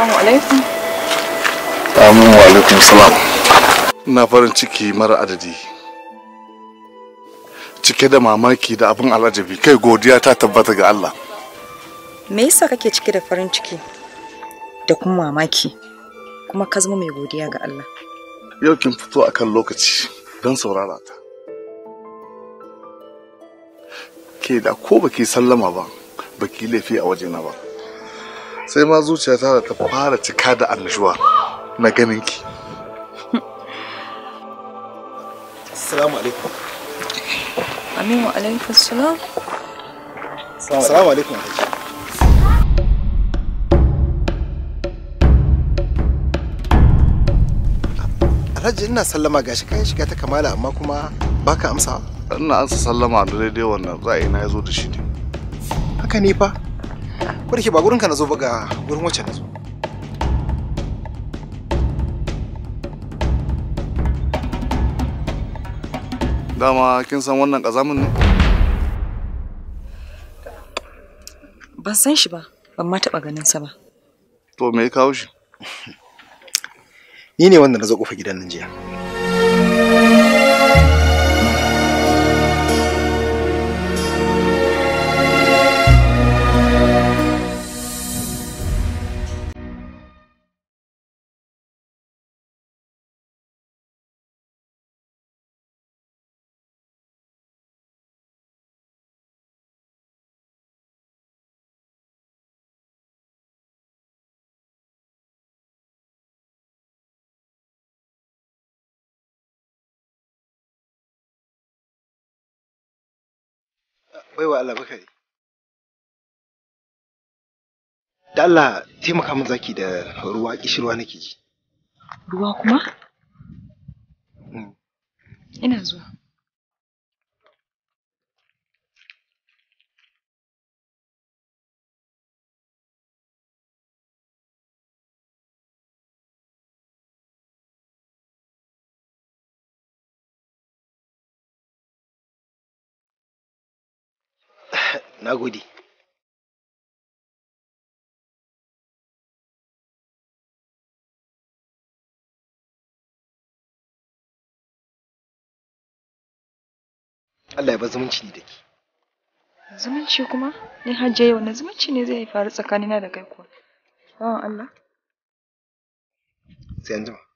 Assalamu alaikum. Assalamu alaikum salam. farin ciki mara adadi. Cike da mamaki da abin alajabi kai godiya ta tabbata ga Allah. Me yasa kake cike da farin ciki da kuma mamaki kuma ka zama mai godiya ga Allah? Yau kin fito akan lokaci don saurara ta. Ke da ko baki sallama ba, baki laifi a wajena ba. sai ma zuciya ta ta fara cika da annashuwa na ganin ki assalamu alaikum aminu alaikum salam assalamu alaikum Alhaji ina sallama gashi kai shiga ta kamala amma kuma baka amsa ina ansa sallama da daidai wannan za'a na yazo da shi ne haka ne fa barki ba gurinka na zo ba ga gurin wacce na zo dama kin san wannan kazamin ne ban san shi ba ban ma taɓa ganin sa ba to me ya kawo shi ni ne wanda na zo kofa gidan nan jiya baiwa yi. da Allah taimaka min zaki da ruwa kishirwa nake ji ruwa kuma mm. ina zuwa na gode Allah ya ba zumunci ne da ke. Zumunci kuma? Ni hajjiya wani zumunci ne zai faru tsakanina da kai kuwa. Bawan Allah. Sai an jima.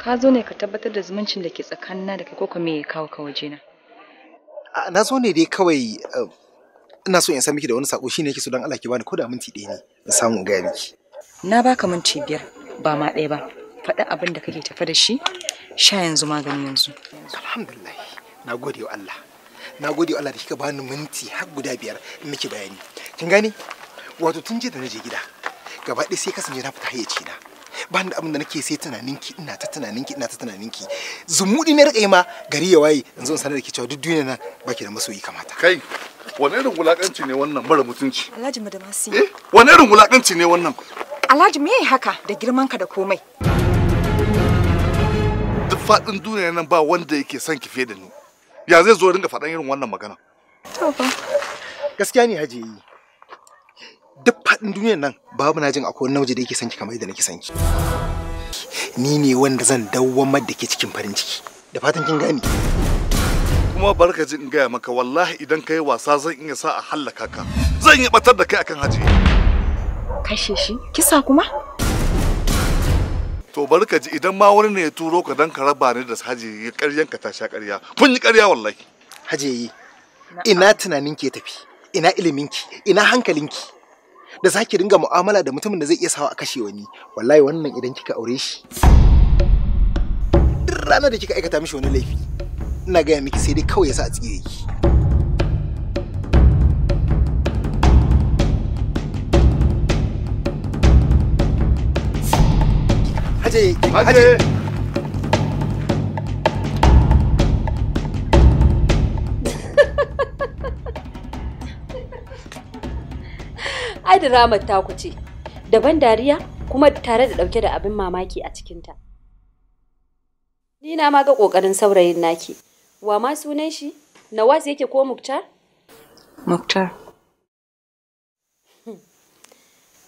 ka zo ne ka tabbatar da zumuncin da ke tsakanina da kai ko kuma me kawo ka waje na na zo ne dai kawai eh, ina so in san miki da wani sako shine ke so dan Allah ki bani ko da minti ɗaya ne in samu ga miki na baka minti biyar ba ma ɗaya ba faɗi abin da kake tafa da shi sha yanzu magani yanzu alhamdulillah na gode wa Allah na gode wa Allah da kika bani minti har guda biyar in miki bayani kin gane wato tun jiya da na je gida gaba ɗaya sai kasance na fita hayyaci na ba da abin da nake sai ki ina ta ki ina ta ki zumudi ne rika ma gari ya waye yanzu sanar da ke cewa duk duniya nan baki da masoyi kamata kai wane irin wulakanci ne wannan mara mutunci Alhaji Madamasi eh wane irin wulakanci ne wannan Alhaji me haka da girman ka da komai duk fadin duniya nan ba wanda yake son ki fiye da ni ya zai zo ringa faɗan irin wannan magana to fa gaskiya ne Haji faɗin duniyar nan babu na jin akwai wani namiji da yake sanki kamar yadda nake sanki ni ne wanda zan dawwamar da ke cikin farin ciki da fatan kin gane kuma barka ji in gaya maka wallahi idan kai wasa zan iya sa a hallaka ka zan iya batar da kai akan haji kashe shi kisa kuma to barka ji idan ma wani ne ya turo ka dan ka raba ni da haji ya karyan ka tasha karya kun yi karya wallahi haji ina tunanin ke tafi ina iliminki ina hankalinki da zaki dinga mu'amala da mutumin da zai iya sawa a kashe wani wallahi wannan idan kika aure shi duk ranar da kika aikata mishi wani laifi ina gaya miki sai dai kawai ya sa a tsire ki Haje, haje. diramar taku ce, daban dariya kuma tare da ɗauke da abin mamaki a cikinta. Ni na ma ga ƙoƙarin saurayin naki. Wa ma sunan shi? Nawaz yake ko Muktar? Muktar. Hmm.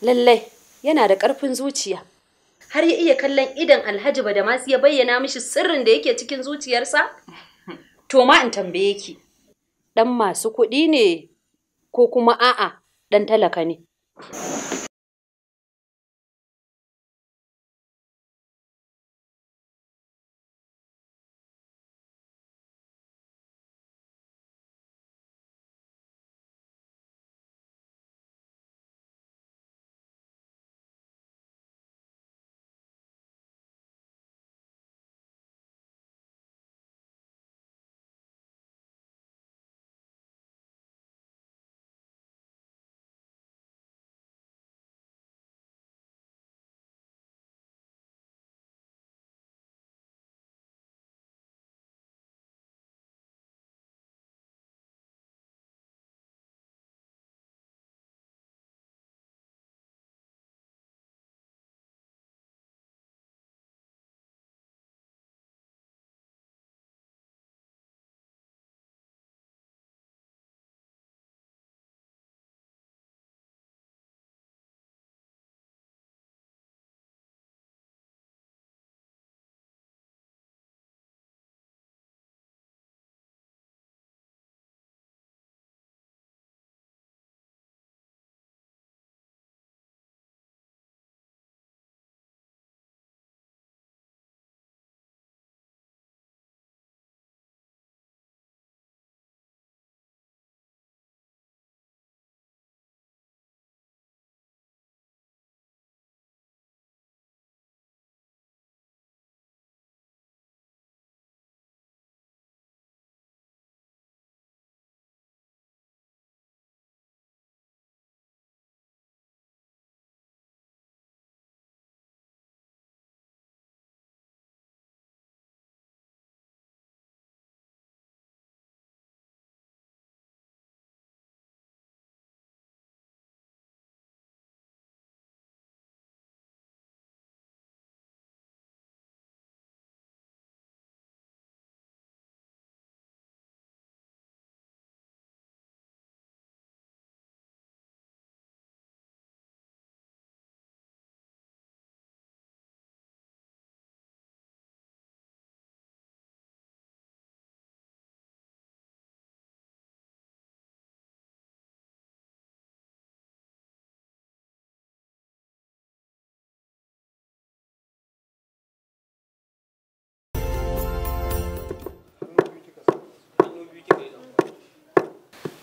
Lallai yana da karfin zuciya. Har ya iya kallon idan Alhaji Badamasi ya bayyana mishi sirrin da yake cikin zuciyarsa? To ma in tambaye ki. Ɗan masu kuɗi ne ko kuma a'a ɗan talaka ne? you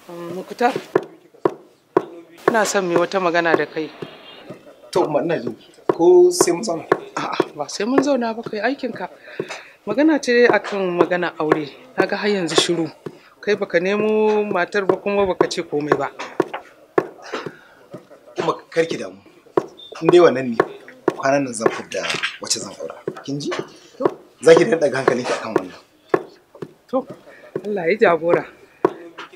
Mukutar. Ina son mai wata magana da kai. To, ina jin ko sai mun zauna? A'a, ba sai mun zauna ba kai aikinka. Magana ce akan magana aure. Na ga har yanzu shiru. Kai baka nemo matar ba kuma baka ce komai ba. Kuma karki damu. In dai wannan ne kwanan nan zan da wacce zan aura. Kin ji? To, zaki da daga hankalinki akan wannan. To, Allah ya jagora.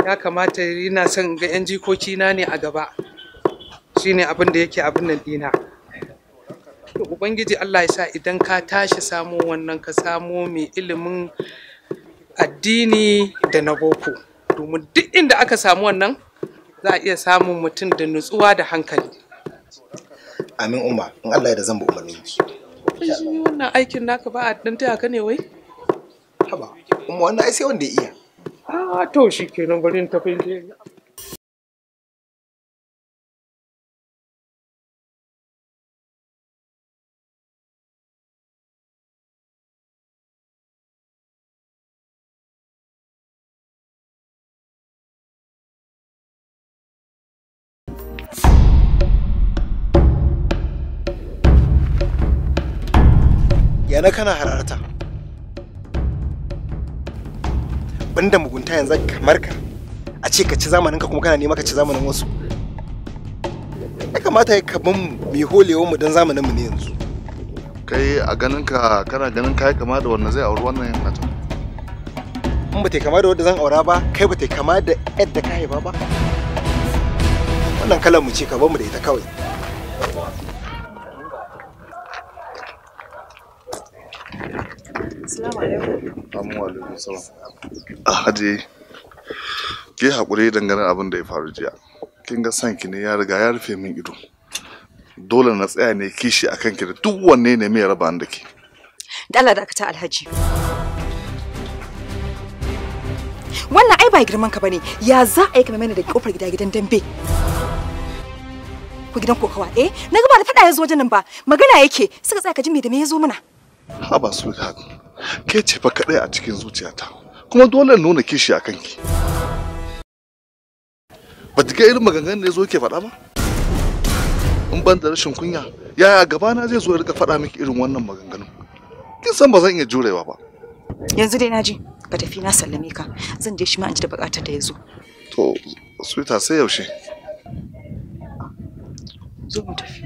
ya kamata yana son ga 'yan jikoki na ne a gaba Shi ne abin da yake abin nan dina ubangiji allah ya sa idan ka tashi samo wannan ka samo mai ilimin addini da na boko domin duk inda aka samu wannan za a iya samun mutum da nutsuwa da hankali amin umma in allah ya da zan ba umarnin shi wannan aikin naka ba a dan taya ka ne wai haba umma wannan ai sai wanda ya iya a ah, to shi kenan bari in tafi yana kana hararta banda mugunta yanzu kamar ka a ce ka ci zamanin ka kuma kana nema ka ci zamanin wasu ya kamata ka bin mu mai holewa mu dan zamanin mu ne yanzu kai a ganin ka kana ganin kai kama da wannan zai auri wannan yana ta in ba ta kama da wanda zan aura ba kai ba ta kama da yadda ka haifa ba wannan kalan mu ce ka bar mu da ita kawai Amma alaikum salam. Alhaji ke haƙuri dangane abin da ya faru jiya. Kin ga sanki ne ya riga ya rufe min ido. Dole na tsaya ne kishi a kanki da duk wanne ne mai raba da ke. Dala da ta Alhaji. Wannan ai ba girman ka bane. Ya za a yi kamar mana da kofar gida gidan dambe. Ku gidan kokawa eh na gaba da fada ya zo wajen nan ba magana yake suka tsaya ka ji me da me ya zo mana. haba sweetheart ke ce fa kadai a cikin zuciyata kuma dole nuna kishi a kanki ba ta irin maganganun da ya zo ke faɗa ba in ban da rashin kunya yaya gabana zai zo ya rika faɗa miki irin wannan maganganun kin san ba zan iya jurewa ba yanzu dai naji ka tafi na sallame ka zan je shi ma in ji da bukatar da ya zo to sweetheart sai yaushe zo mu tafi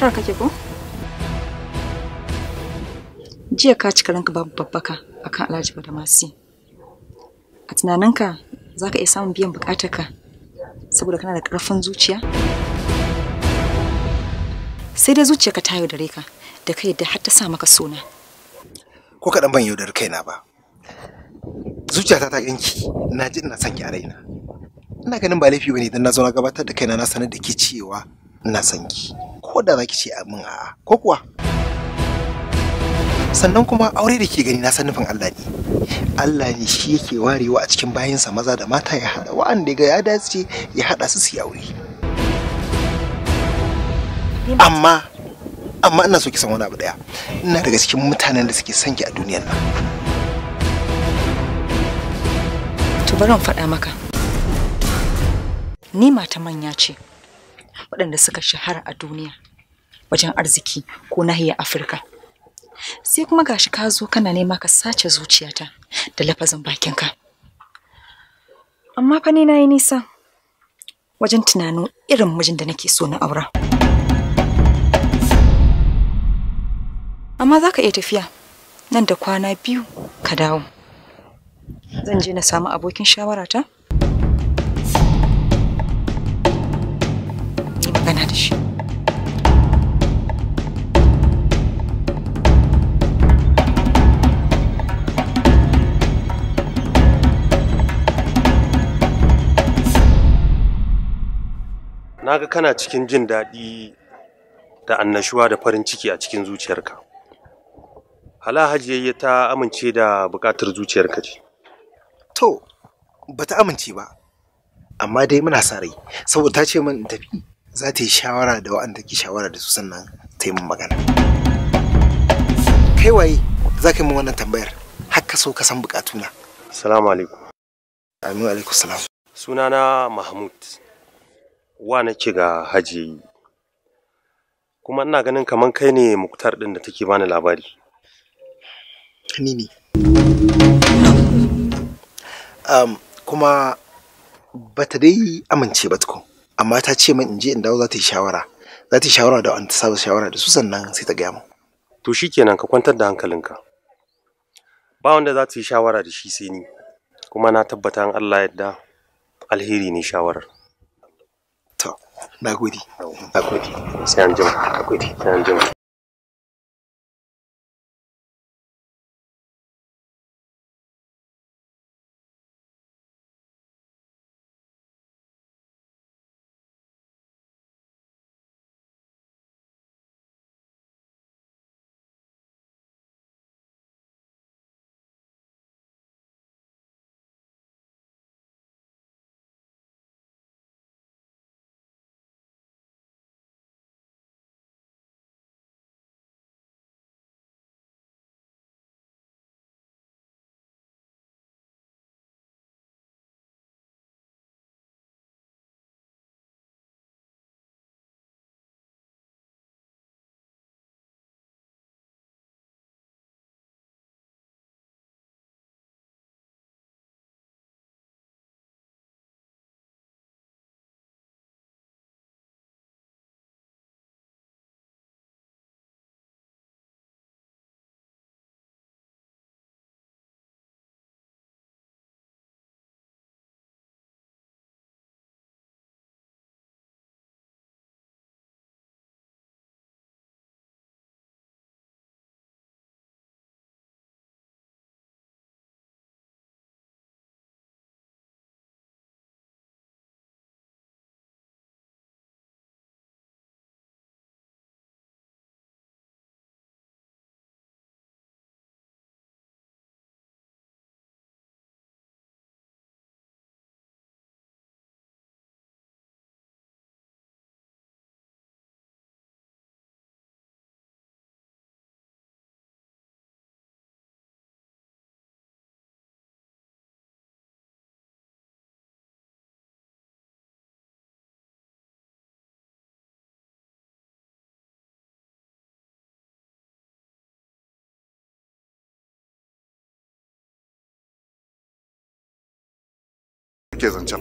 ka kake ko? Jiya ka cika ranka babu babbaka akan Alhaji Badamasi. A tunaninka za ka iya samun biyan bukatarka saboda kana da ƙarfin zuciya? Sai dai ka ta yaudare ka da kai da har ta sa maka suna. Ko kaɗan ban yaudar kaina ba. Zuciyata ta ɗinki, na ji ina son ki a raina. Ina ganin ba laifi bane idan na zo na gabatar da kaina na sanar da ke cewa ina son ki. ko da ki ce min a'a ko kuwa sannan kuma aure da ke gani na san nufin Allah ne Allah ne shi yake warewa a cikin bayansa maza da mata ya hada wa'anda ga ya dace ya hada su su aure amma amma ina so ki san wani abu daya ina daga cikin mutanen da suke son ki a duniyar nan to bari in faɗa maka ni mata manya ce waɗanda suka shahara a duniya wajen arziki ko nahiyar Afirka. Sai kuma gashi ka zo kana nema ka sace zuciyata da lafazin bakinka. Amma fa ni nayi nisa wajen tunanin irin mijin da nake so na aura. Amma za ka iya tafiya nan da kwana biyu ka dawo. Zan je na samu abokin shawarata? Magana da shi. naga kana cikin jin daɗi da annashuwa da farin ciki a cikin zuciyarka hala hajiyayya ta amince da buƙatar zuciyarka ce to ba ta amince ba amma dai muna sa rai saboda ta ce min in tafi za ta yi shawara da wa'anda ke shawara da su sannan ta yi min magana kai waye za ka yi min wannan tambayar har ka so ka san buƙatuna assalamu alaikum aminu alaikum salam sunana mahmud wa nake ga haji kuma ina ganin kamar kai ne muktar ɗin da take bani labari ni ne um, kuma ba ta dai amince ba tukun amma ta ce min in je in dawo za ta yi shawara za ta yi shawara da wanda saba shawara da su sannan sai ta gaya mu to shikenan ka kwantar da hankalinka ba wanda za ta yi shawara da shi sai ni kuma na tabbata in Allah yadda alheri ne shawarar na gode na gode sai an jima sai an yazın